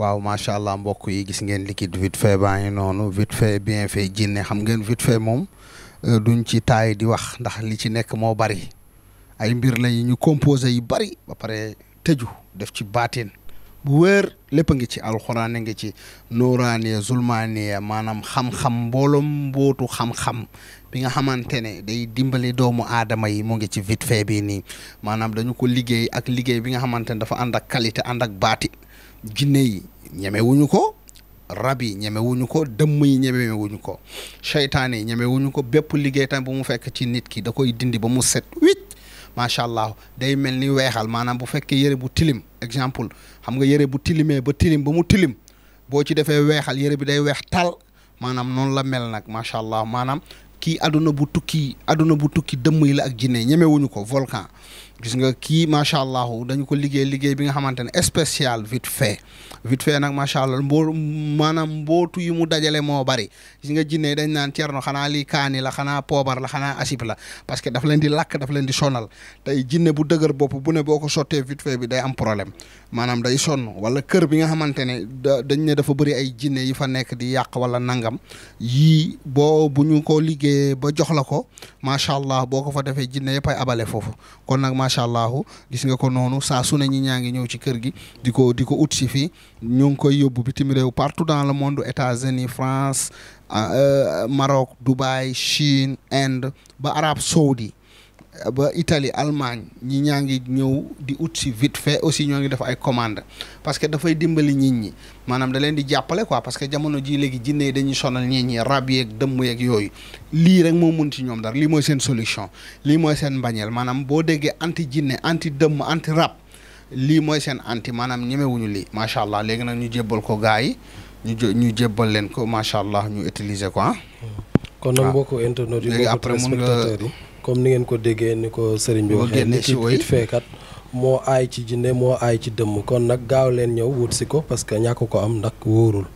waaw macha allah mbokk yi gis ngeen liquide vite fait baa ngi noonu vite fait bien fait jinne xam ngeen vite fait moom euh, duñ ci taay di wax ndax li ci nekk moo bari ay mbir la ñu composé yi bari ba pare tëju def ci baatin bu wër lépp a ngi ci alxuraan a ngi ci nooraane zulmaane maanaam xam-xam mbooloom mbootu xam-xam bi nga xamante ne day dimbali doomu aadama yi mu ngi ci vite bii nii maanaam dañu ko liggéey ak liggéey bi nga xamante ne dafa ànd ak qualité ànd ak baati jinne yi ñemewuñu ko rab yi ñemewuñu ko dëmm yi ñemewuñu ko seytaane yi ñemewuñu ko bépp liggéey tam bu mu fekk ci nit ki da koy dindi ba mu set wicc macha allah day mel ni weexal maanaam bu fekkee yëre bu tilim exemple xam nga yëre bu tilimee ba tilim ba mu tilim boo ci defee weexal yëre bi day weex tal maanaam noonu la mel nag macha allah maanaam kii àdduna bu tukki àdduna bu tukki dëmm yi la ak jinne ñemewuñu ko volcan gis nga kii macha allah dañu ko liggéey liggéey bi nga xamante ne spécial vite fait vite fait nag macha allah mboo maanaam mbootu yi mu dajale moo bari gis nga jinne dañ naan cerno xanaa li kaani la xanaa poobar la xanaa asib la parce que daf leen di lakk daf leen di sonal tey jinne bu dëgër bopp bu ne boo ko sottee vite fait bi day am problème maanaam day sonn wala kër bi nga xamante ne dañ ne dafa bëri ay jinne yi fa nekk di yàq wala nangam yii boo ba jox la ko macha allah boo ko fa defee jinne yëpp ay abale foofu kon nag macha allah gis nga ko noonu saa su ne ñi ñaa ngi ñëw ci kër gi di ko di ko ut si fii ñu ngi koy yóbbu bitim réew partout dans le monde États-Unis France ah, euh, Maroc Dubaï Chine Inde ba Arab Saoudi ba Italie Allemagne ñi ñaa ngi ñëw di ut si vite fait aussi ñoo ngi def ay commande parce que dafay dimbali nit ñi maanaam da leen di jàppale ko parce que jamono ji léegi jinne yi dañuy sonal nit ñi rab yeeg dëmm yeeg yooyu lii rek moo mun ci ñoom dara lii mooy seen solution lii mooy seen mbañeel maanaam boo déggee anti jinne anti dëmm anti rab lii mooy seen anti maanaam ñemewuñu lii macha allah léegi nag ñu jébbal ko gars yi ñu ñu jébbal leen ko macha allah ñu utiliser ko ah. comme ni ngeen ko déggee ni ko sëriñ bi waxee nit it feekat moo ay ci jinne moo ay ci dëmm kon nag gaaw leen ñëw wut si ko parce que ñàkk ko am ndax wóorul